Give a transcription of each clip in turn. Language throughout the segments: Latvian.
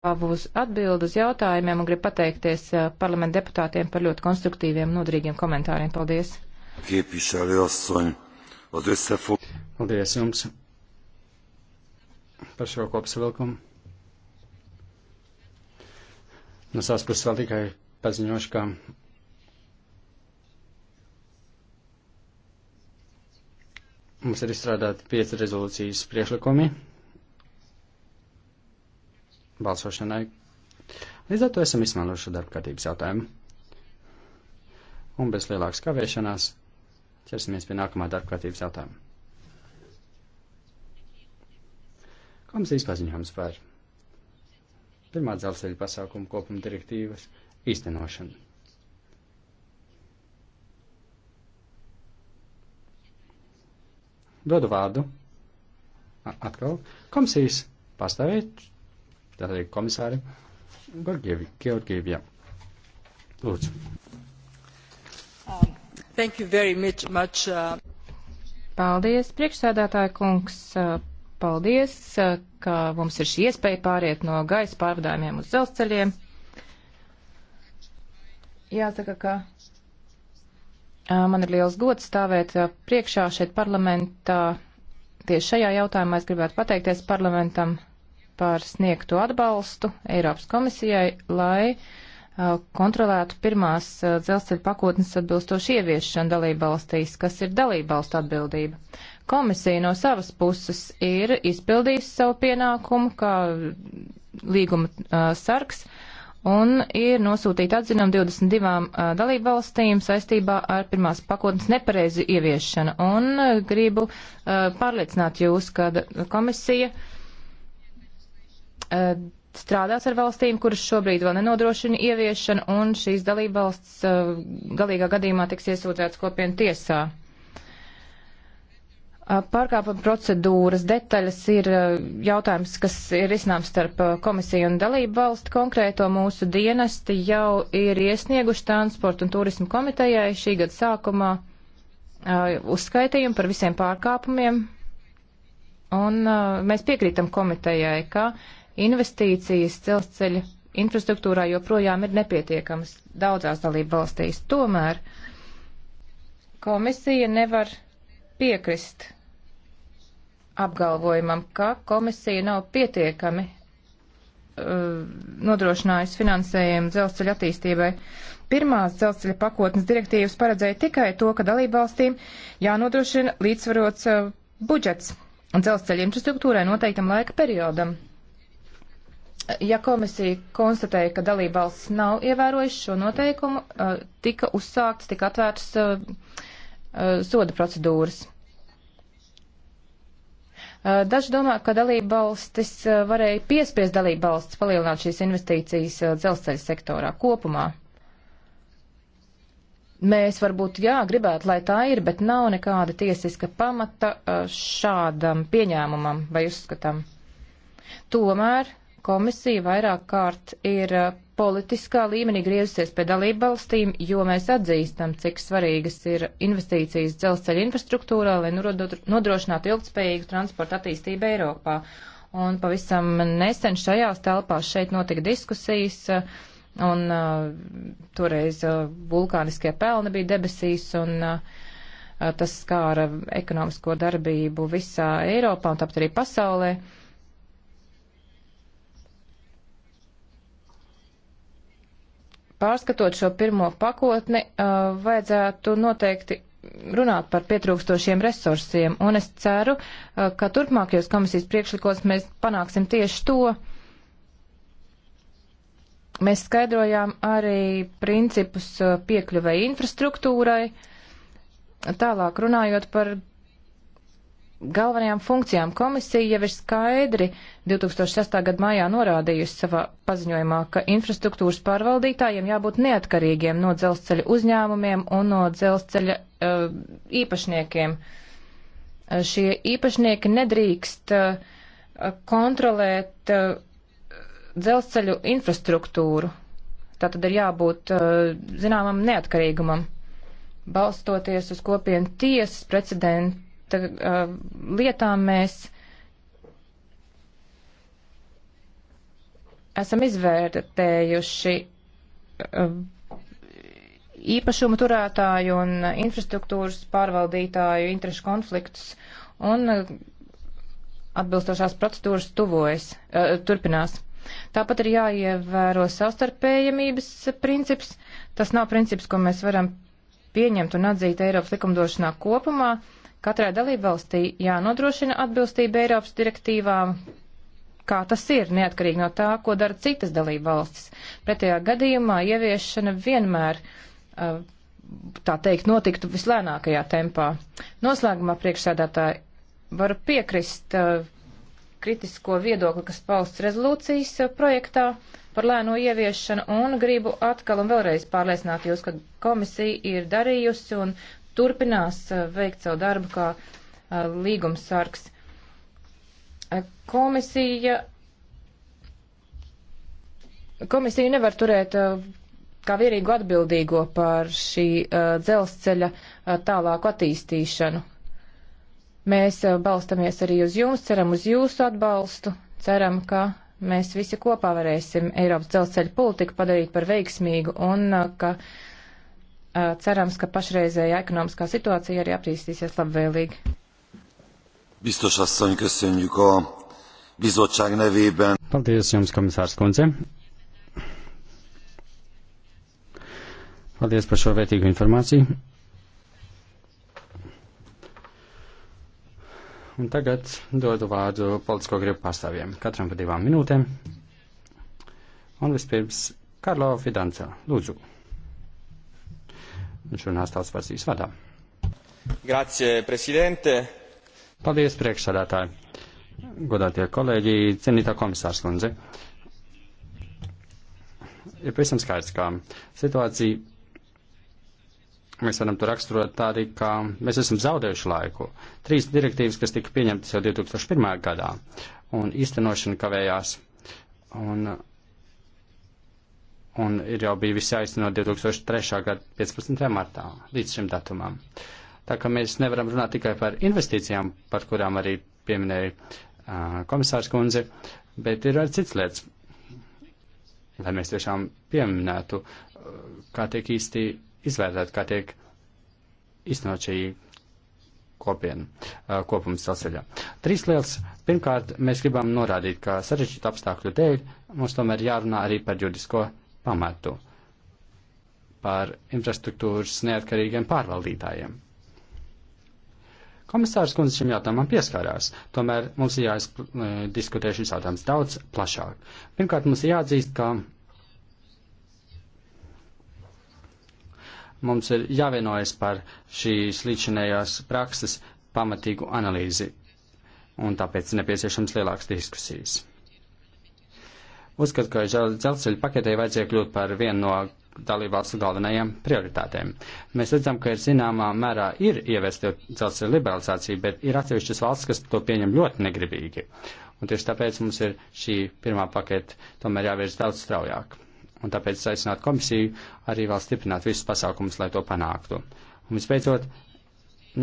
uz atbildu uz jautājumiem un gribu pateikties eh, parlamentu deputātiem par ļoti konstruktīviem, noderīgiem komentāriem. Paldies! Paldies jums par šo kopsavilkumu. No savas puses vēl tikai paziņošu, ka mums ir izstrādāti pieci rezolūcijas priešlikumi balsošanai. Līdz ar to esam izmantojuši šo darba kārtības jautājumu. Un bez lielākas kavēšanās ķersimies pie nākamā darba kārtības jautājuma. Komisijas paziņojums par pirmā dzelzceļa pasākuma kopuma direktīvas īstenošanu. Dodu vārdu atkal komisijas pastāvēt Tātad komisāri Gorgievi, Georgievie. Lūdzu. Um, thank you very much. much uh... Paldies, priekšsēdētāja kungs. Uh, paldies, uh, ka mums ir šī iespēja pāriet no gaisa pārvadājumiem uz dzelzceļiem. Jāsaka, ka uh, man ir liels gods stāvēt uh, priekšā šeit parlamentā. Tieši šajā jautājumā es gribētu pateikties parlamentam par sniegto atbalstu Eiropas komisijai, lai kontrolētu pirmās dzelzceļa pakotnes atbilstoši ieviešanu dalībvalstīs, kas ir dalībvalstu atbildība. Komisija no savas puses ir izpildījusi savu pienākumu kā līguma uh, sargs un ir nosūtīta atzinuma 22 uh, dalībvalstīm saistībā ar pirmās pakotnes nepareizi ieviešanu. Un uh, gribu pārliecināt jūs, ka komisija uh, Eh, strādās ar valstīm, kuras šobrīd vēl nenodrošina ieviešanu, un šīs dalībvalsts eh, galīgā gadījumā tiks iesūdzētas kopienu tiesā. Eh, pārkāpuma procedūras detaļas ir jautājums, kas ir iznāms starp komisiju un dalību valstu. Konkrēto mūsu dienesti jau ir iesnieguši transporta un turismu komitejai šī gada sākumā uzskaitījumu par visiem pārkāpumiem. Un mēs piekrītam komitejai, ka uh, investīcijas dzelzceļa infrastruktūrā joprojām ir nepietiekamas daudzās dalību valstīs. Tomēr komisija nevar piekrist apgalvojumam, ka komisija nav pietiekami uh, nodrošinājusi finansējumu dzelzceļa attīstībai. Pirmās dzelzceļa pakotnes direktīvas paredzēja tikai to, ka dalībvalstīm jānodrošina līdzsvarots uh, budžets dzelzceļa infrastruktūrai noteiktam laika periodam ja komisija konstatēja, ka dalībvalsts nav ievērojuši šo noteikumu, tika uzsāktas, tika atvērtas soda procedūras. Daži domā, ka dalībvalstis varēja piespiest dalībvalsts palielināt šīs investīcijas dzelzceļa sektorā kopumā. Mēs varbūt jā, gribētu, lai tā ir, bet nav nekāda tiesiska pamata šādam pieņēmumam vai uzskatam. Tomēr Komisija vairāk kārt ir uh, politiskā līmenī griezusies pie dalību valstīm, jo mēs atzīstam, cik svarīgas ir investīcijas dzelzceļa infrastruktūrā, lai nodrošinātu ilgspējīgu transportu attīstību Eiropā. Un pavisam nesen šajās telpās šeit notika diskusijas, uh, un uh, toreiz uh, vulkāniskie pelni bija debesīs, un uh, uh, tas skāra ekonomisko darbību visā Eiropā un tāpat arī pasaulē. Uh, pārskatot šo pirmo pakotni, uh, vajadzētu noteikti runāt par pietrūkstošiem resursiem, un es ceru, uh, ka turpmākajos komisijas priekšlikos mēs panāksim tieši to. Mēs skaidrojām arī principus uh, piekļuvai infrastruktūrai, tālāk runājot par galvenajām funkcijām komisija jau ir skaidri 2006. gada mājā norādījusi savā paziņojumā, ka infrastruktūras pārvaldītājiem jābūt neatkarīgiem no dzelzceļa uzņēmumiem un no dzelzceļa uh, īpašniekiem. Uh, šie īpašnieki nedrīkst uh, kontrolēt uh, dzelzceļu infrastruktūru. Tā tad ir jābūt uh, zināmam neatkarīgumam. Balstoties uz kopienu tiesas precedentu budžeta uh, lietām mēs esam izvērtējuši uh, īpašuma turētāju un infrastruktūras pārvaldītāju interešu konfliktus un uh, atbilstošās procedūras tuvojas, uh, turpinās. Tāpat ir jāievēro savstarpējamības princips. Tas nav princips, ko mēs varam pieņemt un atzīt Eiropas likumdošanā kopumā. Uh, Katrai dalībvalstī jānodrošina atbilstība Eiropas direktīvām, kā tas ir, neatkarīgi no tā, ko dara citas dalībvalstis. Pretējā gadījumā ieviešana vienmēr, uh, tā teikt, notiktu vislēnākajā tempā. Noslēgumā priekšsēdētāji varu piekrist uh, kritisko viedokli, kas pausts rezolūcijas uh, projektā par lēno ieviešanu un gribu atkal un vēlreiz pārliecināt jūs, ka komisija ir darījusi un turpinās eh, veikt savu darbu kā eh, līgumsargs. Eh, komisija, komisija nevar turēt kā vienīgu atbildīgo par šī dzelzceļa tālāku attīstīšanu. Mēs balstamies arī uz jums, ceram uz jūsu atbalstu, ceram, ka mēs visi kopā varēsim Eiropas dzelzceļa politiku padarīt par veiksmīgu un ka uh, cerams, ka pašreizējā ekonomiskā situācija arī attīstīsies labvēlīgi. Biztos asszony, köszönjük a bizottság nevében. Paldies jums, komisārs kundze. Paldies par šo vērtīgu informāciju. Un tagad dodu vārdu politisko gribu pārstāvjiem, katram pa divām minūtēm. Un vispirms Karlo Fidanca, lūdzu. Viņš runās tās partijas vadā. Grazie, prezidente. Paldies, priekšsādātāji. Godātie kolēģi, cienītā komisārs kundze. Ir pavisam skaidrs, ka situācija mēs varam to raksturot tādī, ka mēs esam zaudējuši laiku. Trīs direktīvas, kas tika pieņemtas jau 2001. gadā, un īstenošana kavējās. Un un ir jau bija visi aizsno 2003. gada 15. martā līdz šim datumam. Tā ka mēs nevaram runāt tikai par investīcijām, par kurām arī pieminēja uh, komisārs kundze, bet ir arī cits lietas, lai mēs tiešām pieminētu, uh, kā tiek īsti izvērtēt, kā tiek iznot šī kopiena, uh, kopums celceļā. Trīs lietas. Pirmkārt, mēs gribam norādīt, ka sarežģītu apstākļu dēļ mums tomēr jārunā arī par juridisko pamatu par infrastruktūras neatkarīgiem pārvaldītājiem. Komisārs kundze šim jautājumam pieskārās, tomēr mums ir jāizdiskutē šis jautājums daudz plašāk. Pirmkārt, mums ir jāatzīst, ka mums ir jāvienojas par šīs līdzinējās prakses pamatīgu analīzi, un tāpēc nepieciešams lielāks diskusijas uzskata, ka dzelzceļa paketē vajadzēja kļūt par vienu no dalībvalstu galvenajām prioritātēm. Mēs redzam, ka ir zināmā mērā ir ieviesta dzelzceļa liberalizācija, bet ir atsevišķas valsts, kas to pieņem ļoti negribīgi. Un tieši tāpēc mums ir šī pirmā paketa tomēr jāvērš daudz straujāk. Un tāpēc aicināt komisiju arī vēl stiprināt visus pasākumus, lai to panāktu. Un visbeidzot,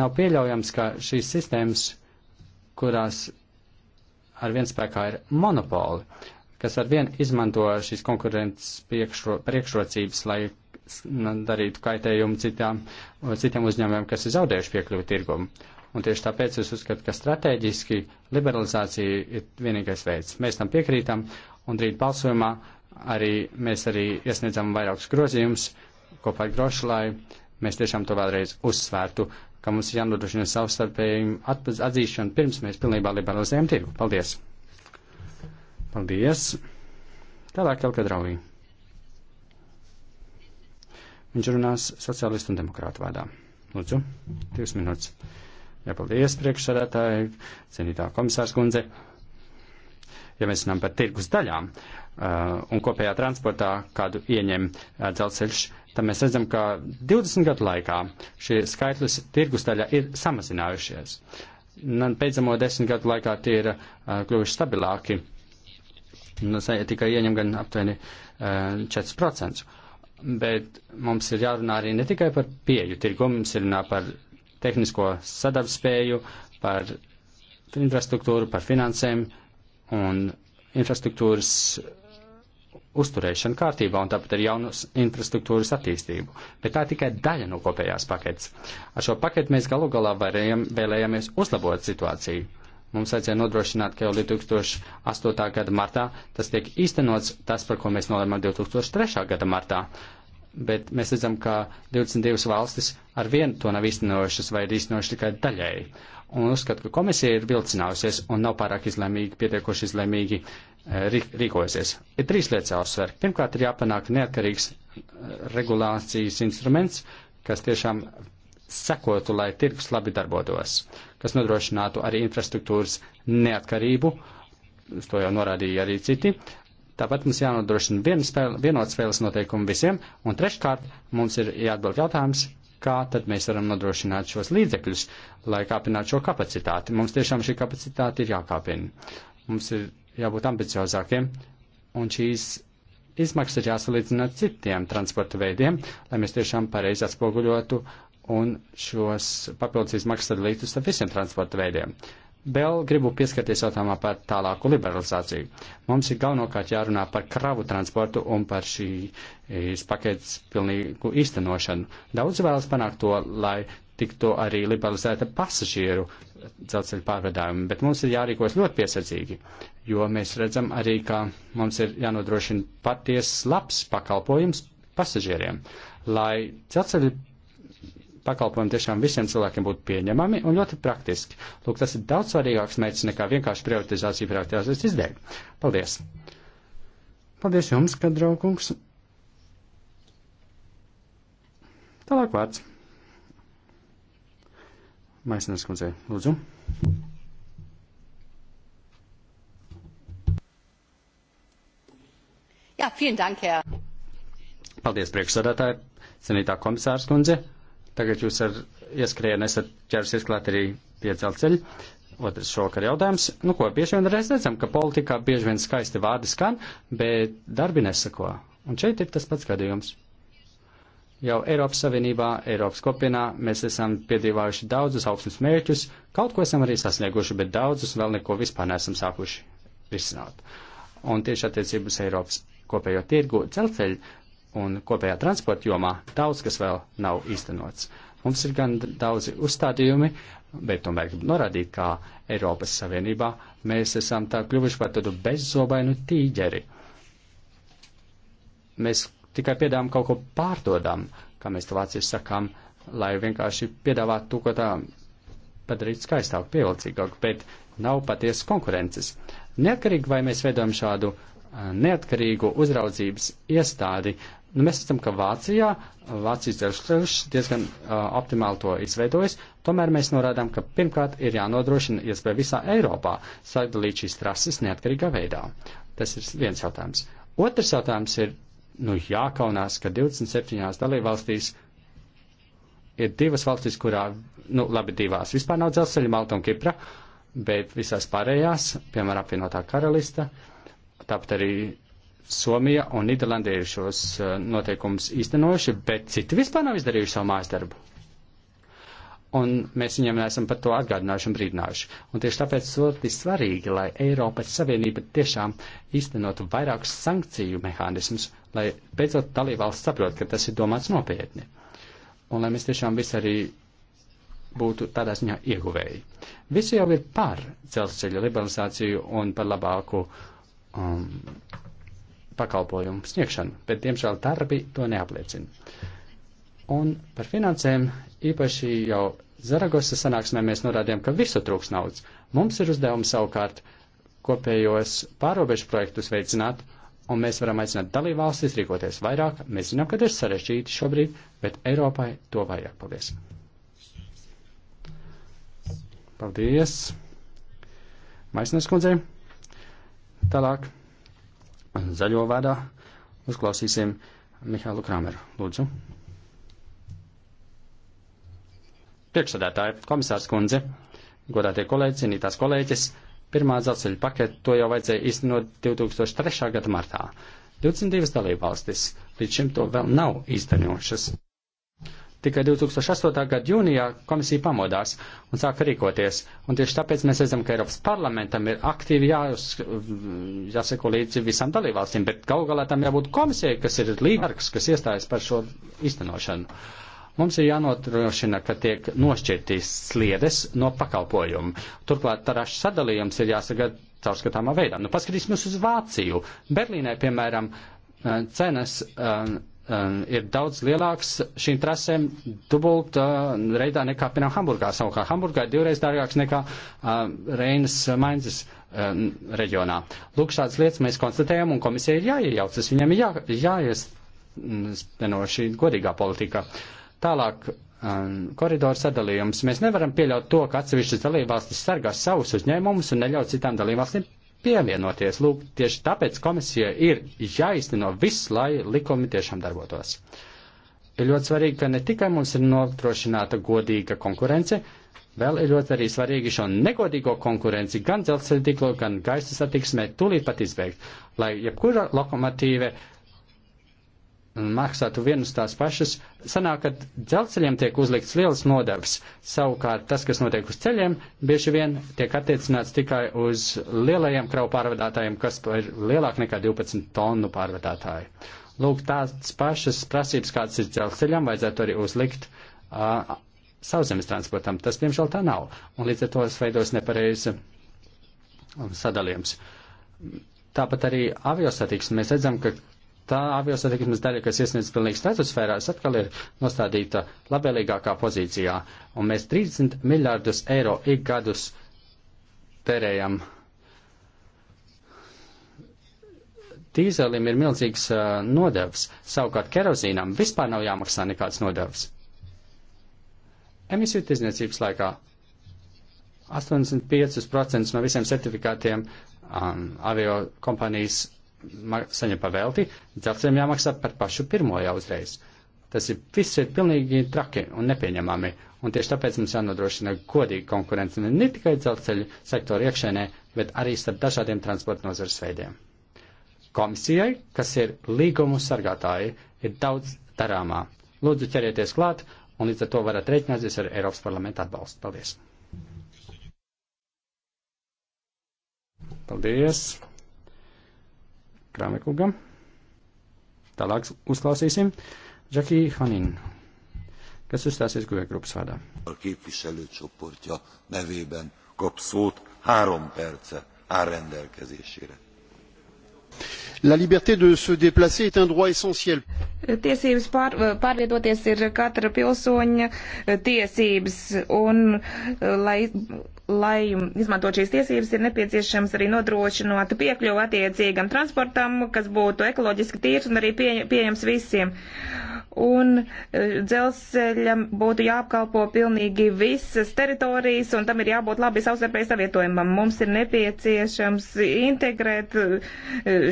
nav pieļaujams, ka šīs sistēmas, kurās ar viens spēkā ir monopoli, kas ar vienu izmanto šīs konkurences priekšro, priekšrocības, lai darītu kaitējumu citām, citiem uzņēmumiem, kas ir zaudējuši piekļuvi tirgumu. Un tieši tāpēc es uzskatu, ka strateģiski liberalizācija ir vienīgais veids. Mēs tam piekrītam, un rīt balsojumā arī mēs arī iesniedzam vairākus grozījumus kopā ar Grošu, lai mēs tiešām to vēlreiz uzsvērtu, ka mums ir jānodrošina savstarpējumu atzīšanu pirms mēs pilnībā liberalizējam tirgu. Paldies! Paldies! Tālāk jau kad raujīgi. Viņš runās sociālistu un demokrātu vārdā. Lūdzu, divas minūtes. Jā, paldies priekšsēdētāji, cienītā komisārs kundze. Ja mēs runājam par tirgus daļām uh, un kopējā transportā, kādu ieņem uh, dzelzceļš, tad mēs redzam, ka 20 gadu laikā šie skaitlis tirgus daļā ir samazinājušies. Pēdējo desmit gadu laikā tie ir uh, kļuvuši stabilāki. Uh, nu, tikai ieņem gan aptuveni uh, eh, 4%. Bet mums ir jārunā arī ne tikai par pieju tirgu, mums ir jārunā par tehnisko sadarbspēju, par infrastruktūru, par finansēm un infrastruktūras uzturēšanu kārtībā un tāpat ar jaunas infrastruktūras attīstību. Bet tā ir tikai daļa no kopējās paketes. Ar šo paketu mēs galu galā varējam, vēlējāmies uzlabot situāciju. Mums vajadzēja nodrošināt, ka jau 2008. gada martā tas tiek īstenots, tas, par ko mēs nolēmām 2003. gada martā. Bet mēs redzam, ka 22 valstis ar vienu to nav īstenojušas vai ir īstenojušas tikai daļēji. Un uzskatu, ka komisija ir vilcinājusies un nav pārāk izlēmīgi, pietiekoši izlēmīgi eh, rīkojusies. Ir trīs lietas jāuzsver. Pirmkārt, ir jāpanāk neatkarīgs eh, regulācijas instruments, kas tiešām sekotu, lai tirgus labi darbotos. Uh, kas nodrošinātu arī infrastruktūras neatkarību, uz to jau norādīja arī citi. Tāpat mums jānodrošina viena spēle, vienot spēles noteikumu visiem, un treškārt mums ir jāatbild jautājums, kā tad mēs varam nodrošināt šos līdzekļus, lai kāpinātu šo kapacitāti. Mums tiešām šī kapacitāte ir jākāpina. Mums ir jābūt ambiciozākiem, un šīs izmaksas ir jāsalīdzina ar citiem transporta veidiem, lai mēs tiešām pareizi atspoguļotu uh, un šos papildus izmaksas tad līdz ar visiem transporta veidiem. Vēl gribu pieskarties jautājumā par tālāku liberalizāciju. Mums ir galvenokārt jārunā par kravu transportu un par šīs paketes pilnīgu īstenošanu. Daudz vēlas panākt to, lai tiktu arī liberalizēta pasažieru dzelzceļa pārvadājumi, bet mums ir jārīkojas ļoti piesardzīgi, jo mēs redzam arī, ka mums ir jānodrošina patiesas labs pakalpojums pasažieriem, lai dzelzceļa pakalpojumi tiešām visiem cilvēkiem būtu pieņemami un ļoti praktiski. Lūk, tas ir daudz svarīgāks mērķis nekā vienkārši privatizācija privatizācijas izdēļ. Paldies! Paldies jums, Kadraukungs! Tālāk vārds. Maisinas kundzei, lūdzu. Jā, vielen dank, Herr. Paldies, priekšsādātāji, senītā komisārs kundze. Tagad jūs ar ieskrēju nesat ķersies klāt arī pie dzelceļa. Otrs šokar jautājums. Nu ko, bieži vien reiz redzam, ka politikā bieži vien skaisti vārdi skan, bet darbi nesako. Un šeit ir tas pats gadījums. Jau Eiropas Savienībā, Eiropas kopienā mēs esam piedzīvājuši daudzus augstus mērķus, kaut ko esam arī sasnieguši, bet daudzus vēl neko vispār nesam sākuši risināt. Un tieši attiecības Eiropas kopējo tirgu dzelceļu un kopējā transporta jomā daudz kas vēl nav īstenots. Mums ir gan daudzi uzstādījumi, bet tomēr gribu norādīt, kā Eiropas Savienībā mēs esam tā kļuvuši par tādu bezzobainu tīģeri. Mēs tikai piedāvājam kaut ko pārdodam, kā mēs to vācieši sakām, lai vienkārši piedāvātu to, ko tā padarīt skaistāku, pievilcīgāku, bet nav patiesas konkurences. Neatkarīgi vai mēs veidojam šādu eh, neatkarīgu uzraudzības iestādi, Nu, mēs esam, ka Vācijā, Vācijas dzelzceļš diezgan uh, optimāli to izveidojis, tomēr mēs norādām, ka pirmkārt ir jānodrošina iespēja visā Eiropā sadalīt šīs trases neatkarīgā veidā. Tas ir viens jautājums. Otrs jautājums ir, nu, jākaunās, ka 27. dalībvalstīs ir divas valstis, kurā, nu, labi, divās vispār nav dzelzceļa, Malta un Kipra, bet visās pārējās, piemēram, apvienotā karalista, tāpat arī Somija un Nīderlandē ir šos eh, noteikumus īstenojuši, bet citi vispār nav izdarījuši savu mājas darbu. Un mēs viņiem neesam par to atgādinājuši un brīdinājuši. Un tieši tāpēc ļoti svarīgi, lai Eiropas Savienība tiešām īstenotu vairākus sankciju mehānismus, lai beidzot dalībvalsts saprot, ka tas ir domāts nopietni. Un lai mēs tiešām visi arī būtu tādā ziņā ieguvēji. Visi jau ir par dzelzceļa liberalizāciju un par labāku um, pakalpojumu sniegšanu, bet, diemžēl, darbi to neapliecina. Un par finansēm īpaši jau Zaragoza sanāksmē mēs norādījām, ka visu trūks naudas. Mums ir uzdevums savukārt kopējos pārobežu projektus veicināt, un mēs varam aicināt dalībvalstis rīkoties vairāk. Mēs zinām, ka tas ir sarežģīti šobrīd, bet Eiropai to vajag. Paldies! Paldies! Maisnes kundzei! Tālāk! zaļo vārdā uzklausīsim Mihālu Krameru. Lūdzu. Priekšsādātāji, komisārs kundze, godātie kolēģi, cienītās kolēģis, pirmā dzelzceļa paketa to jau vajadzēja īstenot 2003. gada martā. 22 dalībvalstis līdz šim to vēl nav īstenojušas. Tikai 2008. gada jūnijā komisija pamodās un sāka rīkoties. Un tieši tāpēc mēs redzam, ka Eiropas parlamentam ir aktīvi jās, jāseko līdzi visām dalībvalstīm, bet gal galā tam jābūt komisijai, kas ir līgarks, kas iestājas par šo iztenošanu. Mums ir jānodrošina, ka tiek nošķirtīs sliedes no pakalpojumu. Turklāt tarašu sadalījums ir jāsagad caurskatāmā veidā. Nu, paskatīsimies uz Vāciju. Berlīnē, piemēram, eh, cenas. Um, um, ir daudz lielāks šīm trasēm dubult uh, reidā nekā, piemēram, Hamburgā. Savukārt Hamburgā ir divreiz dārgāks nekā uh, Reinas Mainzes um, reģionā. Lūk, šādas lietas mēs konstatējam, un komisija ir jāiejaucas, viņam ir jā, jāiespeno šī godīgā politika. Tālāk. Um, koridoru sadalījums. Mēs nevaram pieļaut to, ka atsevišķas dalībvalstis sargās savus uzņēmumus un neļauj citām dalībvalstīm pievienoties. Lūk, tieši tāpēc komisija ir jāizteno viss, lai likumi tiešām darbotos. Ir ļoti svarīgi, ka ne tikai mums ir nodrošināta godīga konkurence, vēl ir ļoti arī svarīgi šo negodīgo konkurenci gan dzelzceļa tīklo, gan gaisa satiksmē tūlīt pat izbeigt, lai jebkura lokomotīve maksātu vienus tās pašas, sanāk, ka dzelceļiem tiek uzlikts liels nodevs. Savukārt tas, kas notiek uz ceļiem, bieži vien tiek attiecināts tikai uz lielajiem kravu pārvadātājiem, kas ir lielāk nekā 12 tonu pārvadātāji. Lūk, tās pašas prasības, kādas ir dzelceļam, vajadzētu arī uzlikt uh, sauszemes transportam. Tas, diemžēl, tā nav. Un līdz ar to es veidos nepareizi sadalījums. Tāpat arī aviosatiksme. Mēs redzam, ka tā aviosatiksmes daļa, kas iesniedz pilnīgi stratosfērās, atkal ir nostādīta labvēlīgākā pozīcijā. Un mēs 30 miljārdus eiro ik gadus terējam. Dīzelim ir milzīgs uh, nodevs, savukārt kerozīnam vispār nav jāmaksā nekāds nodevs. Emisiju tirdzniecības laikā 85% no visiem certifikātiem um, avio kompānijas saņem pavēlti, dzelzceļiem jāmaksā par pašu pirmo jau uzreiz. Tas ir viss ir pilnīgi traki un nepieņemami. Un tieši tāpēc mums jānodrošina godīga konkurence ne, ne tikai dzelzceļu sektoru iekšēnē, bet arī starp dažādiem transporta nozares veidiem. Komisijai, kas ir līgumu sargātāji, ir daudz darāmā. Lūdzu, ķerieties klāt un līdz ar to varat rēķināties ar Eiropas parlamentu atbalstu. Paldies! Paldies! Krāmekungam. Tālāk uzklausīsim Džakiju Haninu, kas uzstāsies guvēja grupas vārdā. Ar képviselőcsoportja nevében kap szót három perce áll rendelkezésére. La liberté de se déplacer est un droit essentiel. Tiesības pār, pārvietoties ir katra pilsoņa tiesības, un lai lai izmantot šīs tiesības, ir nepieciešams arī nodrošināt piekļuvu attiecīgam transportam, kas būtu ekoloģiski tīrs un arī pieņems visiem. Uh, un e, dzelzceļam būtu jāapkalpo pilnīgi visas teritorijas, un tam ir jābūt labi savstarpēji savietojumam. Mums ir nepieciešams integrēt e,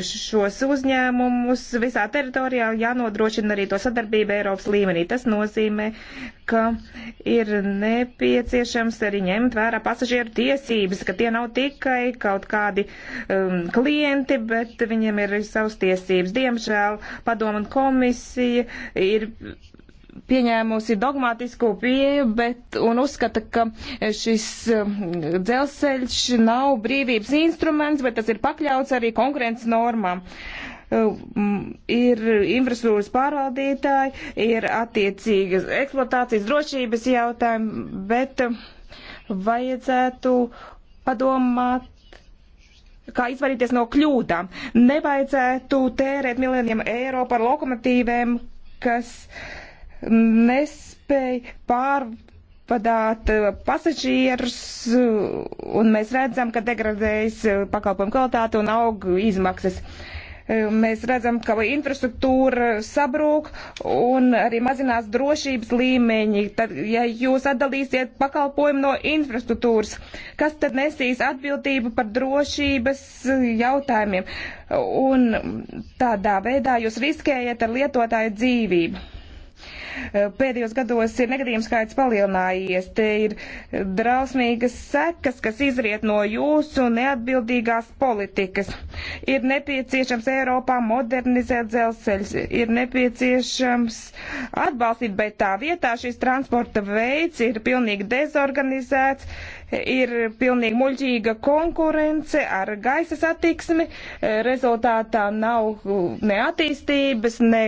šos uzņēmumus visā teritorijā, jānodrošina arī to sadarbību Eiropas līmenī. Tas nozīmē, ka ir nepieciešams arī ņemt vērā pasažieru tiesības, ka tie nav tikai kaut kādi um, klienti, bet viņiem ir savas tiesības. Diemžēl padomu un komisija ir ir pieņēmusi dogmatisko pieeju, bet un uzskata, ka šis um, dzelzceļš nav brīvības instruments, bet tas ir pakļauts arī konkurences normām. Um, ir infrastruktūras pārvaldītāji, ir attiecīgas eksploatācijas drošības jautājumi, bet um, vajadzētu padomāt kā izvairīties no kļūdām. Nevajadzētu tērēt miljoniem eiro par lokomotīvēm, kas nespēja pārvadāt uh, pasažierus, un mēs redzam, ka degradējas uh, pakalpojumu kvalitāte un aug izmaksas. Uh, Mēs redzam, ka infrastruktūra sabrūk un arī mazinās drošības līmeņi. Tad, ja jūs atdalīsiet pakalpojumu no infrastruktūras, kas tad nesīs atbildību par drošības jautājumiem? Un tādā veidā jūs riskējat ar lietotāju dzīvību. Eh, pēdējos gados ir negadījums skaits palielinājies. Te ir drausmīgas sekas, kas izriet no jūsu neatbildīgās politikas. Ir nepieciešams Eiropā modernizēt dzelzceļus, ir nepieciešams atbalstīt, bet tā vietā šis transporta veids ir pilnīgi dezorganizēts ir pilnīgi muļķīga konkurence ar gaisa satiksmi, rezultātā nav ne attīstības, ne,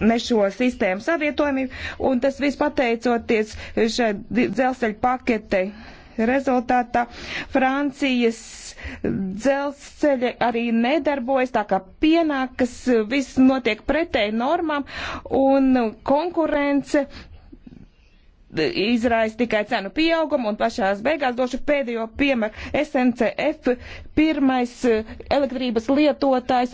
ne šo sistēmu savietojumību, un tas viss pateicoties šai dzelzceļa paketei rezultātā Francijas dzelzceļa arī nedarbojas, tā kā pienākas, viss notiek pretēji normām, un konkurence izraisa tikai cenu pieaugumu, un pašās beigās došu pēdējo piemēru. SNCF pirmais eh, elektrības lietotājs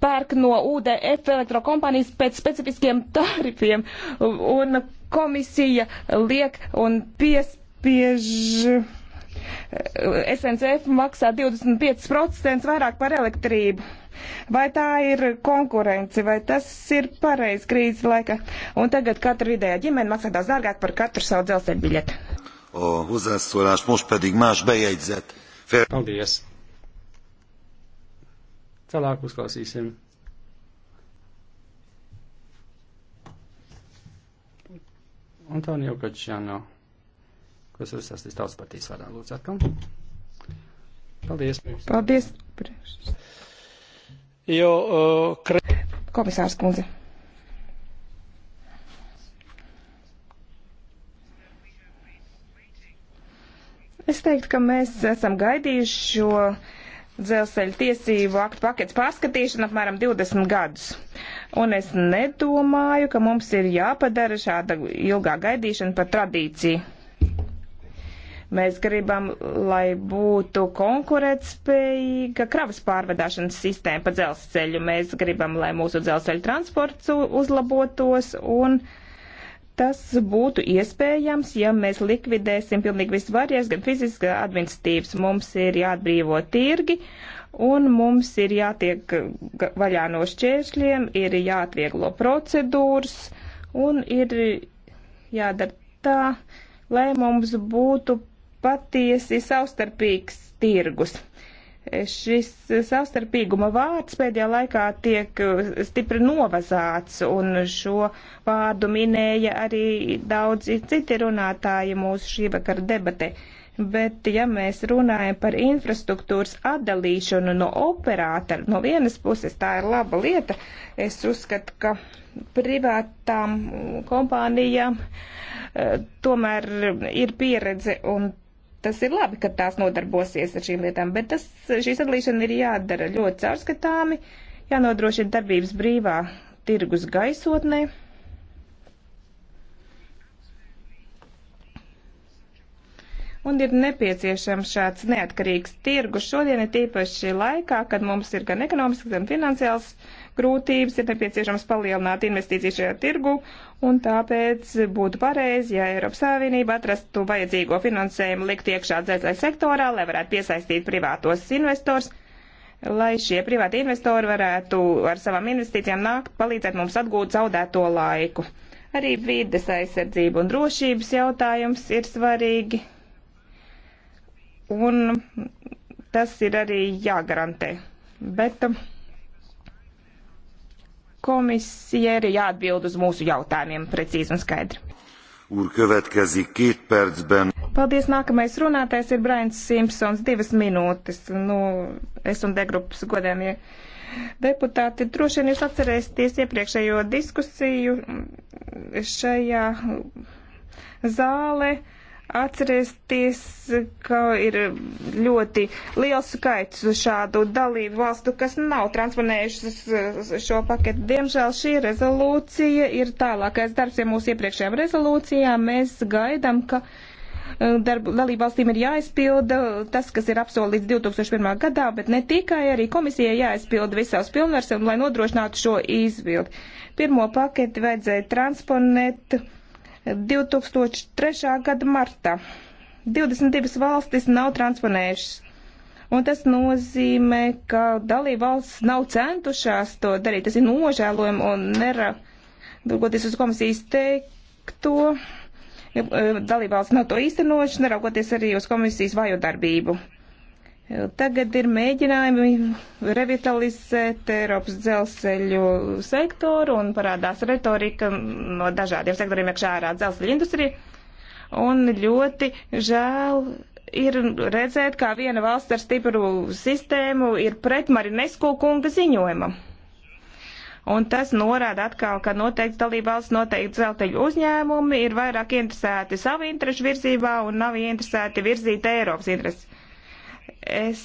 pērk no UDF elektrokompānijas pēc specifiskiem tarifiem, un komisija liek un piespiež. Eh, SNCF maksā 25% vairāk par elektrību Vai tā ir konkurence, vai tas ir pareizi krīzes laika? Un tagad katra vidējā ģimene maksā daudz dārgāk par katru savu dzelzceļa biļeti. Hozzászólás most pedig más bejegyzett. Fel... Paldies. Tālāk uzklausīsim. Antonio Kačjano, kas uzsāstīs tautas partijas vārdā, lūdzu atkal. Paldies. Paldies. Priekšs jo. Uh, kre... Komisārs Kundze. Es teiktu, ka mēs esam gaidījuši šo dzelzceļa tiesību aktu paketu pārskatīšanu apmēram 20 gadus. Un es nedomāju, ka mums ir jāpadara šāda ilgā gaidīšana par tradīciju. Mēs gribam, lai būtu konkurētspējīga kravas pārvedāšanas sistēma pa dzelzceļu. Mēs gribam, lai mūsu dzelzceļa transports uzlabotos un tas būtu iespējams, ja mēs likvidēsim pilnīgi visu varēs, gan fiziski, gan administratīvs. Mums ir jāatbrīvo tirgi un mums ir jātiek vaļā no šķēršļiem, ir jāatvieglo procedūras un ir jādara tā, lai mums būtu patiesi savstarpīgs tirgus. Šis savstarpīguma vārds pēdējā laikā tiek uh, stipri novazāts, un šo vārdu minēja arī daudzi citi runātāji mūsu šī vakara debatē. Bet, ja mēs runājam par infrastruktūras atdalīšanu no operātora, no vienas puses tā ir laba lieta. Es uzskatu, ka privātām kompānijām eh, tomēr ir pieredze un tas ir labi, ka tās nodarbosies ar šīm lietām, bet tas, šī sadalīšana ir jādara ļoti caurskatāmi, jānodrošina darbības brīvā tirgus gaisotnē. un ir nepieciešams šāds neatkarīgs tirgus. Šodien ir tīpaši laikā, kad mums ir gan ekonomisks, gan finansiāls grūtības, ir nepieciešams palielināt investīciju šajā tirgu, un tāpēc būtu pareizi, ja Eiropas Savienība atrastu vajadzīgo finansējumu likt iekšā dzelzceļa sektorā, lai varētu piesaistīt privātos investors, lai šie privāti investori varētu ar savām investīcijām nākt, palīdzēt mums atgūt zaudēto laiku. Arī vides aizsardzība un drošības jautājums ir svarīgi. Un tas ir arī jāgarantē. Bet Komisija ir jāatbild uz mūsu jautājumiem precīzi un skaidri. Úr, következik két percben. Paldies, nākamais runātais ir Brains Simpsons, divas minūtes. Nu, es un degrupas godējumie deputāti, droši vien jūs atcerēsieties iepriekšējo diskusiju šajā zālē Atcerieties, ka ir ļoti liels skaits šādu dalību valstu, kas nav transponējušas eh, šo paketu. Diemžēl šī rezolūcija ir tālākais darbs, ja mūsu iepriekšējām rezolūcijām mēs gaidām, ka eh, darbu, dalību valstīm ir jāizpilda tas, kas ir apsolīts 2001. gadā, bet ne tikai arī komisijai jāizpilda visās pilnvarsam, lai nodrošinātu šo izbildi. Pirmo paketi vajadzēja transponēt 2003. gada martā. 22 valstis nav transponējušas. Un tas nozīmē, ka dalība valsts nav centušās to darīt. Tas ir nožēlojami un nera, durgoties uz komisijas teikto, eh, dalība valsts nav to īstenojuši, neraugoties arī uz komisijas vājodarbību. darbību. Tagad ir mēģinājumi revitalizēt Eiropas dzelzceļu sektoru un parādās retorika no dažādiem sektoriem iekšā ārā dzelzceļa industrija. Un ļoti žēl ir redzēt, kā viena valsts ar stipru sistēmu ir pret Marinesko kunga ziņojumam. Un tas norāda atkal, ka noteikti dalībvalsts, noteikti dzelteļu uzņēmumi ir vairāk interesēti savu interešu virzībā un nav interesēti virzīt Eiropas intereses Es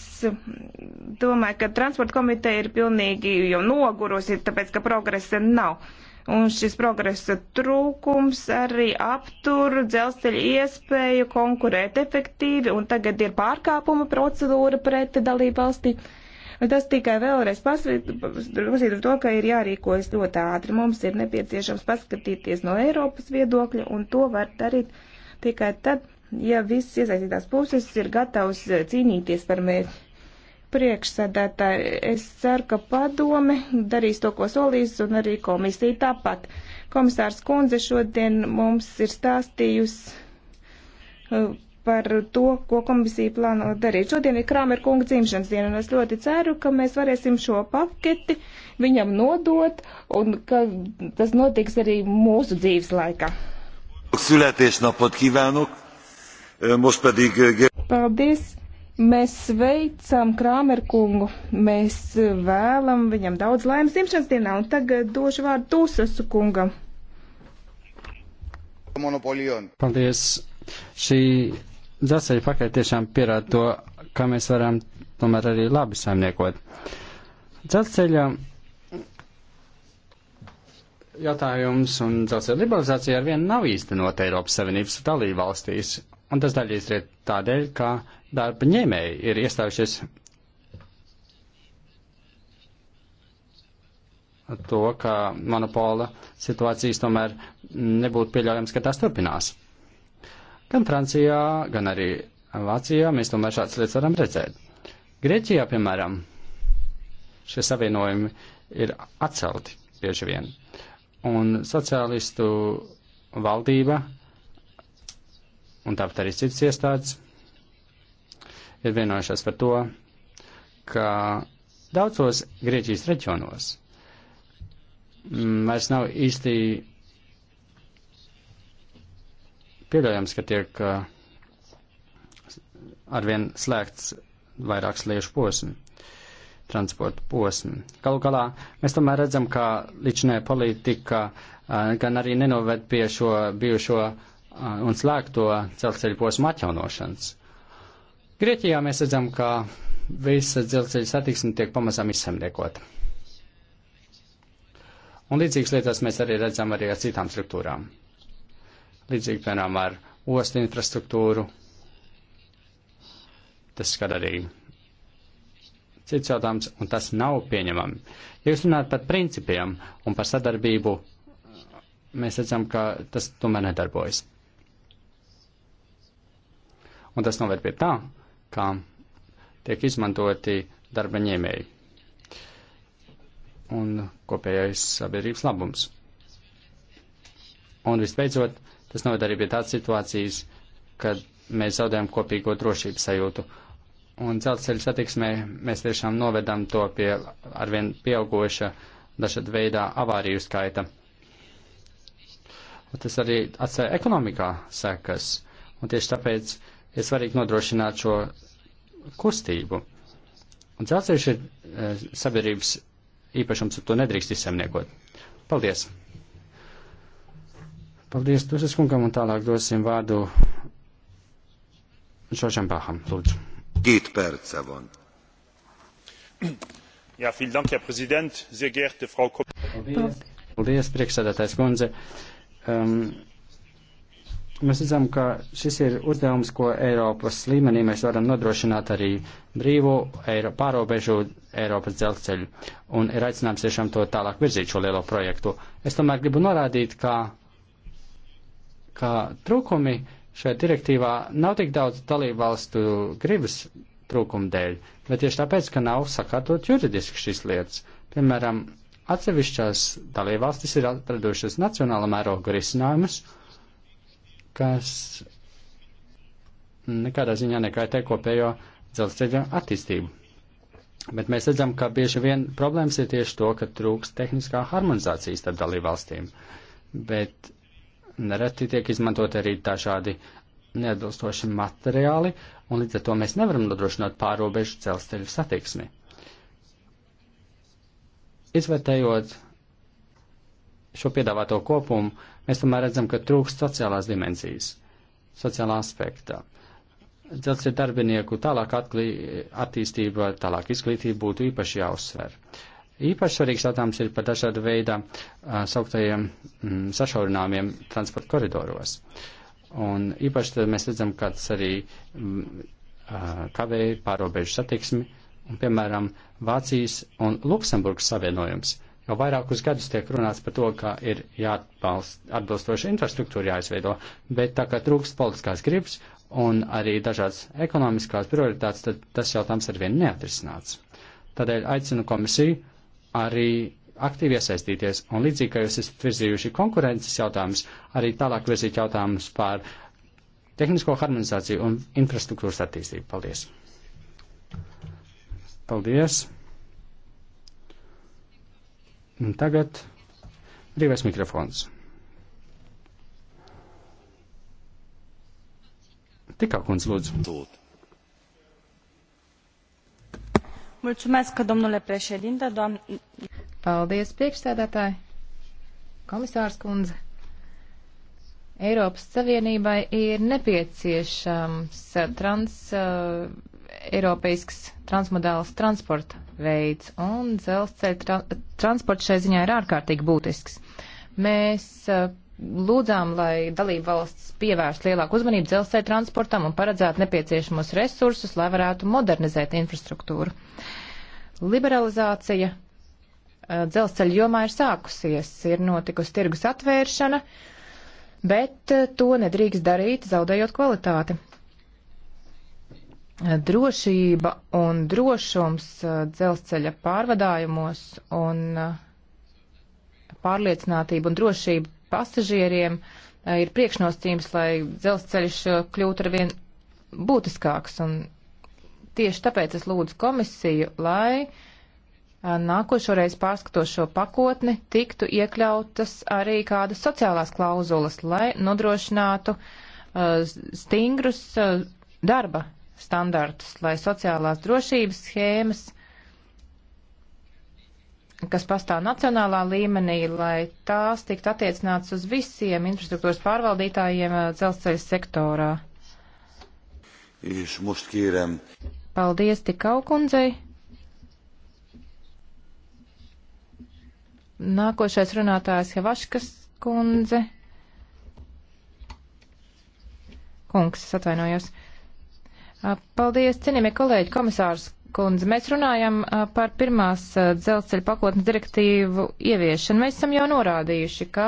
domāju, ka transporta komiteja ir pilnīgi jau nogurusi, tāpēc, ka progresa nav. Un šis progresa trūkums arī aptur dzelzceļa iespēju konkurēt efektīvi, un tagad ir pārkāpuma procedūra pret dalību valstī. Tas tikai vēlreiz pasvītro to, ka ir jārīkojas ļoti ātri. Mums ir nepieciešams paskatīties no Eiropas viedokļa, un to var darīt tikai tad, ja viss iesaistītās puses ir gatavs cīnīties par mērķi. Priekšsēdētāji, es ceru, ka padome darīs to, ko solīs, un arī komisija tāpat. Komisārs Kundze šodien mums ir stāstījusi uh, par to, ko komisija plāno darīt. Šodien ir Krāmer kunga dzimšanas diena, un es ļoti ceru, ka mēs varēsim šo paketi viņam nodot, un ka tas notiks arī mūsu dzīves laikā. Születésnapot kívánok! Eh, Paldies! Mēs sveicam Krāmerkungu, mēs eh, vēlam viņam daudz laimes dzimšanas dienā, un tagad došu vārdu Tūsas kungam. Paldies! Šī dzelzceļa pakaļ tiešām pierāda to, kā mēs varam tomēr arī labi saimniekot. Dzelzceļa jautājums un dzelzceļa liberalizācija ar vienu nav īstenot Eiropas Savienības dalību valstīs. Un tas daļai izriet tādēļ, ka darba ņēmēji ir iestājušies to, ka monopola situācijas tomēr nebūtu pieļaujams, ka tās turpinās. Gan Francijā, gan arī Vācijā mēs tomēr šāds lietas varam redzēt. Grieķijā, piemēram, šie savienojumi ir atcelti bieži vien. Uh, Un sociālistu valdība, un tāpat arī citas iestādes, ir vienojušās par to, ka daudzos Grieķijas reģionos mm, vairs nav īsti pieļaujams, ka tiek uh, arvien slēgts vairāks liešu posms transporta posmu. Galu galā mēs tomēr redzam, ka līdšanai politika gan arī nenoved pie šo bijušo un slēgto dzelzceļa posmu atjaunošanas. Grieķijā mēs redzam, ka visa dzelzceļa satiksme tiek pamazām izsemniekota. Un līdzīgas lietas mēs arī redzam arī ar citām struktūrām. Līdzīgi, piemēram, ar ostu infrastruktūru. Tas skar arī cits jautājums, un tas nav pieņemami. Ja jūs runājat par principiem un par sadarbību, mēs redzam, ka tas tomēr nedarbojas. Un tas noved pie tā, ka tiek izmantoti darba ņēmēji un kopējais sabiedrības labums. Un visbeidzot, tas noved arī pie tādas situācijas, kad mēs zaudējam kopīgo drošības sajūtu Un dzelzceļa satiksmē mēs tiešām novedam to pie arvien pieaugoša dažāda veidā avāriju skaita. Un tas arī atstāja ekonomikā sekas. Un tieši tāpēc ir svarīgi nodrošināt šo kustību. Un dzelzceļš ir e, sabiedrības īpašums, un to nedrīkst izsemniekot. Paldies! Paldies Tusas kungam un tālāk dosim vārdu Šošam Paham, lūdzu. Ja, dank, herr präsident sehr geehrte frau kommissarin! Um, mēs redzam, ka šis ir uzdevums, ko Eiropas līmenī mēs varam nodrošināt arī brīvu Eiro, pārobežu Eiropas dzelzceļu. Un ir aicinājums tiešām to tālāk virzīt šo lielo projektu. Es tomēr gribu norādīt, ka, ka trūkumi šajā direktīvā nav tik daudz dalību valstu gribas trūkuma dēļ, bet tieši tāpēc, ka nav sakārtot juridiski šīs lietas. Piemēram, atsevišķās dalību valstis ir atradušas nacionāla mēroga risinājumus, kas nekādā ziņā nekaitē kopējo dzelzceļa attīstību. Bet mēs redzam, ka bieži vien problēmas ir tieši to, ka trūks tehniskā harmonizācijas starp dalību valstīm. Bet nereti tiek izmantot arī tā šādi neatbilstoši materiāli, un līdz ar to mēs nevaram nodrošināt pārobežu dzelzceļu satiksmi. Izvērtējot šo piedāvāto kopumu, mēs tomēr redzam, ka trūkst sociālās dimensijas, sociālā aspekta. Dzelzceļa darbinieku tālāk atklī, attīstība, tālāk izglītība būtu īpaši jāuzsver. Uh, Īpaši svarīgs jautājums ir par dažādu veidu sauktajiem mm, sašaurinājumiem transporta koridoros. Un īpaši tad mēs redzam, ka tas arī mm, kavēja pārobežu satiksmi, un, piemēram, Vācijas un Luksemburgas savienojums. Jau vairākus gadus tiek runāts par to, ka ir jāatbalstoša infrastruktūra jāizveido, bet tā kā trūkst politiskās gribas un arī dažādas ekonomiskās prioritātes, tad tas jautājums arvien neatrisināts. Tādēļ aicinu komisiju arī aktīvi iesaistīties. Un līdzīgi, kā jūs esat virzījuši konkurences jautājumus, arī tālāk virzīt jautājumus par tehnisko harmonizāciju un infrastruktūras attīstību. Paldies! Paldies! Un tagad brīvais mikrofons. Tikā kundze lūdzu. Lūdzu. Mulțumesc, domnule președinte, doamne. Paldies, priekšsēdētāji. Komisārs kundze. Eiropas Savienībai ir nepieciešams trans, uh, eiropeisks transmodāls transporta veids, un dzelzceļa tra transports šai ziņā ir ārkārtīgi būtisks. Mēs uh, lūdzām, lai dalību valsts pievērst lielāku uzmanību dzelzceļa transportam un paredzētu nepieciešamos resursus, lai varētu modernizēt infrastruktūru. Liberalizācija eh, dzelzceļa jomā ir sākusies, ir notikusi tirgus atvēršana, bet eh, to nedrīkst darīt, zaudējot kvalitāti. Eh, drošība un drošums dzelzceļa pārvadājumos un pārliecinātība un drošība pasažieriem eh, ir priekšnosacījums, lai dzelzceļš eh, kļūtu ar vien būtiskāks. Un tieši tāpēc es lūdzu komisiju, lai eh, nākošoreiz pārskatot šo pakotni, tiktu iekļautas arī kādas sociālās klauzulas, lai nodrošinātu uh, stingrus uh, darba standartus, lai sociālās drošības schēmas uh, kas pastāv nacionālā līmenī, lai tās tiktu attiecināts uz visiem infrastruktūras pārvaldītājiem eh, dzelzceļa sektorā. Paldies tikau kundzei. Nākošais runātājs Hevaškas kundze. Kungs, atvainojos. Paldies, cienījamie kolēģi, komisārs kundze, mēs runājam par pirmās dzelzceļa pakotnes direktīvu ieviešanu. Mēs esam jau norādījuši, ka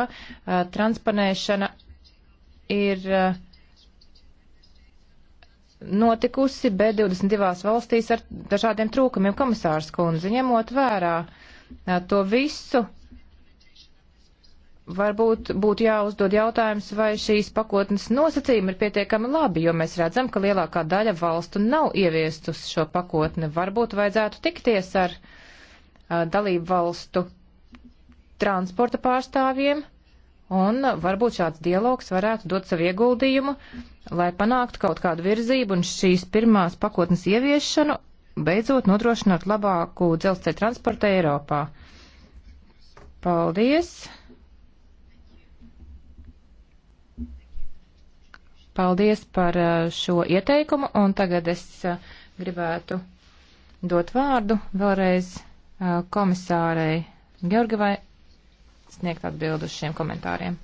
transponēšana ir notikusi, bet 22 valstīs ar dažādiem trūkumiem komisārs kundze, ņemot vērā to visu, varbūt būtu jāuzdod jautājums, vai šīs pakotnes nosacījumi ir pietiekami labi, jo mēs redzam, ka lielākā daļa valstu nav ieviestus šo pakotni. Varbūt vajadzētu tikties ar uh, dalību valstu transporta pārstāvjiem, un varbūt šāds dialogs varētu dot savu ieguldījumu, lai panāktu kaut kādu virzību un šīs pirmās pakotnes ieviešanu, beidzot nodrošinot labāku dzelzceļa transportu Eiropā. Paldies! Paldies par uh, šo ieteikumu, un tagad es uh, gribētu dot vārdu vēlreiz uh, komisārei Georgavai sniegt atbildu uz šiem komentāriem.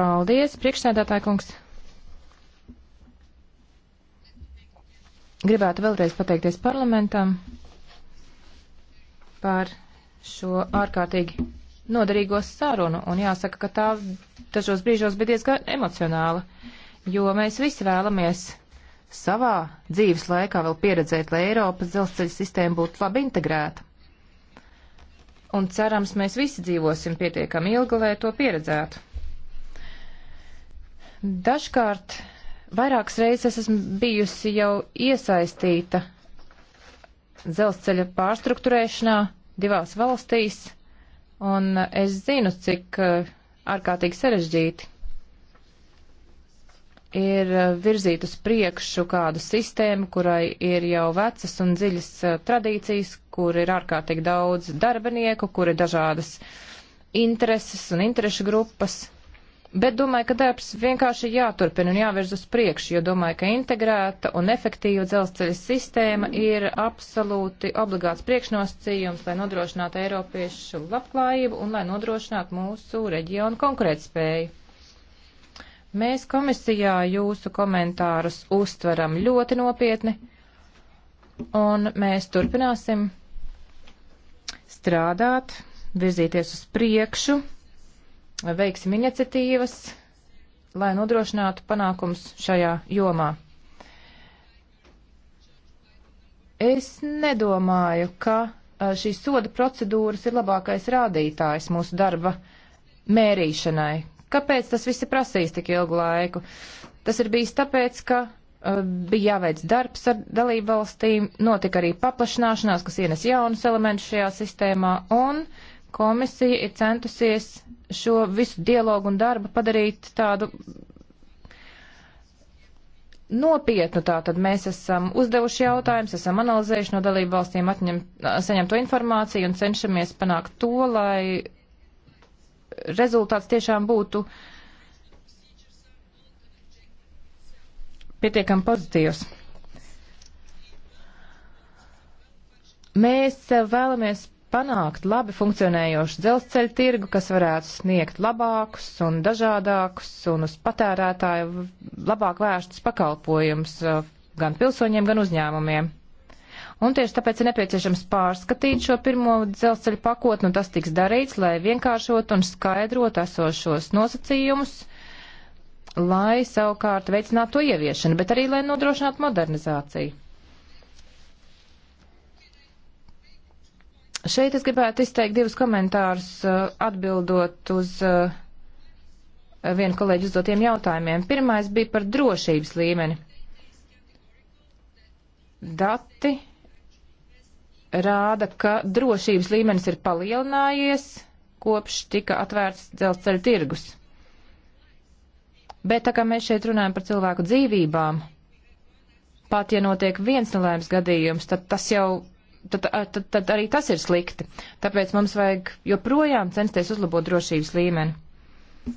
Paldies, priekšsēdētāji kungs. Gribētu vēlreiz pateikties parlamentam par šo ārkārtīgi noderīgo sarunu, un jāsaka, ka tā dažos brīžos bija diezgan emocionāla, jo mēs visi vēlamies savā dzīves laikā vēl pieredzēt, lai Eiropas dzelzceļa sistēma būtu labi integrēta. Un cerams, mēs visi dzīvosim pietiekami ilgi, lai to pieredzētu. Dažkārt vairākas reizes esmu bijusi jau iesaistīta dzelzceļa pārstruktūrēšanā divās valstīs un es zinu, cik eh, ārkārtīgi sarežģīti ir eh, virzīt uz priekšu kādu sistēmu, kurai ir jau vecas un dziļas eh, tradīcijas, kur ir ārkārtīgi daudz darbinieku, kur ir dažādas intereses un interešu grupas. Bet domāju, ka darbs vienkārši jāturpina un jāvirz uz priekšu, jo domāju, ka integrēta un efektīva dzelzceļa sistēma ir absolūti obligāts priekšnosacījums, lai nodrošinātu Eiropiešu labklājību un lai nodrošinātu mūsu reģionu konkurētspēju. Mēs komisijā jūsu komentārus uztveram ļoti nopietni un mēs turpināsim strādāt, virzīties uz priekšu veiksim iniciatīvas, lai nodrošinātu panākums šajā jomā. Es nedomāju, ka šīs soda procedūras ir labākais rādītājs mūsu darba mērīšanai. Kāpēc tas viss ir prasījis tik ilgu laiku? Tas ir bijis tāpēc, ka bija jāveic darbs ar dalību valstīm, notika arī paplašināšanās, kas ienes jaunus elementus šajā sistēmā, un komisija ir centusies šo visu dialogu un darbu padarīt tādu nopietnu. Tātad mēs esam uzdevuši jautājumus, esam analizējuši no dalību valstīm atņem, saņemto informāciju un cenšamies panākt to, lai rezultāts tiešām būtu pietiekami pozitīvs. Mēs vēlamies panākt labi funkcionējošu dzelzceļa tirgu, kas varētu sniegt labākus un dažādākus un uz patērētāju labāk vērstus pakalpojumus eh, gan pilsoņiem, gan uzņēmumiem. Un tieši tāpēc ir nepieciešams pārskatīt šo pirmo dzelzceļa pakotni, un tas tiks darīts, lai vienkāršot un skaidrot esošos nosacījumus, lai savukārt veicinātu to ieviešanu, bet arī lai nodrošinātu modernizāciju. Šeit es gribētu izteikt divus komentārus uh, atbildot uz uh, vienu kolēģi uzdotiem jautājumiem. Pirmais bija par drošības līmeni. Dati rāda, ka drošības līmenis ir palielinājies kopš tika atvērts dzelzceļa tirgus. Bet tā kā mēs šeit runājam par cilvēku dzīvībām, pat ja notiek viens nelaimes gadījums, tad tas jau tad, tad, tad arī tas ir slikti. Tāpēc mums vajag joprojām censties uzlabot drošības līmeni.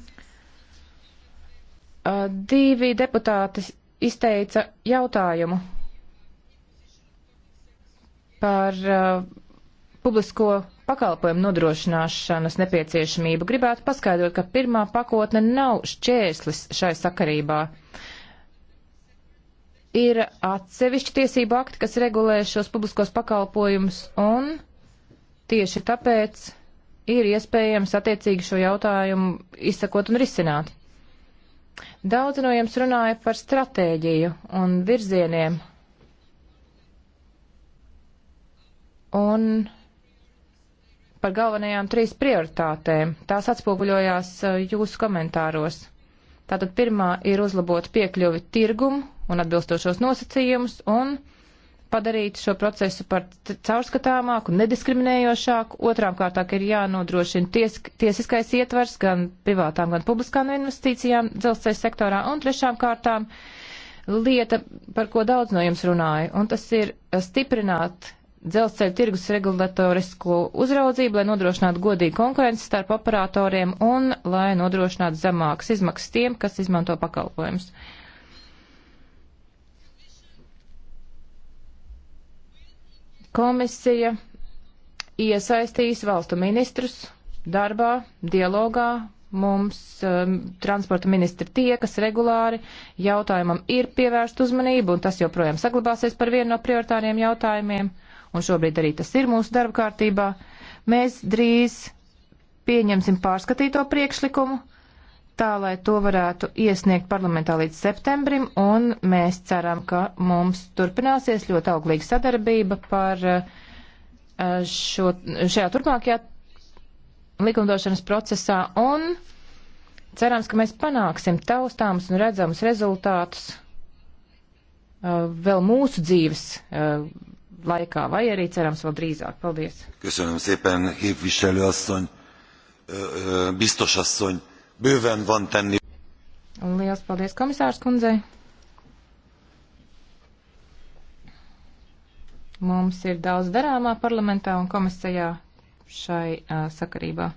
Uh, divi deputāti izteica jautājumu par uh, publisko pakalpojumu nodrošināšanas nepieciešamību. Gribētu paskaidrot, ka pirmā pakotne nav šķērslis šai sakarībā. Uh, ir atsevišķi tiesību akti, kas regulē šos publiskos pakalpojumus, un tieši tāpēc ir iespējams attiecīgi šo jautājumu izsakot un risināt. Daudz no jums runāja par stratēģiju un virzieniem. Un par galvenajām trīs prioritātēm. Tās atspoguļojās eh, jūsu komentāros. Tātad pirmā ir uzlabot piekļuvi tirgumu un atbilstošos nosacījumus un padarīt šo procesu par caurskatāmāku, nediskriminējošāku. Otrām kārtāk ir jānodrošina ties, tiesiskais ietvers gan privātām, gan publiskām investīcijām dzelzceļa sektorā. Un trešām kārtām lieta, par ko daudz no jums runāja, un tas ir stiprināt dzelzceļa tirgus regulatorisko uzraudzību, lai nodrošinātu godīgu konkurenci starp operatoriem un lai nodrošinātu zemākas izmaksas tiem, kas izmanto pakalpojumus. Komisija iesaistīs valstu ministrus darbā, dialogā. Mums um, transporta ministri tie, kas regulāri jautājumam ir pievērst uzmanību, un tas joprojām saglabāsies par vienu no prioritāriem jautājumiem. Uh, un šobrīd arī tas ir mūsu darba kārtībā, mēs drīz pieņemsim pārskatīto priekšlikumu, tā lai to varētu iesniegt parlamentā līdz septembrim, un mēs ceram, ka mums turpināsies ļoti auglīga sadarbība par eh, šo, šajā turpmākajā likumdošanas procesā, un cerams, ka mēs panāksim taustāms un redzams rezultātus eh, vēl mūsu dzīves eh, laikā, vai arī cerams vēl drīzāk. Paldies! Köszönöm szépen, képviselő asszony, biztos asszony, bőven van tenni. Un liels paldies komisārs kundzei! Mums ir daudz darāmā parlamentā un komisijā šai uh, sakarībā.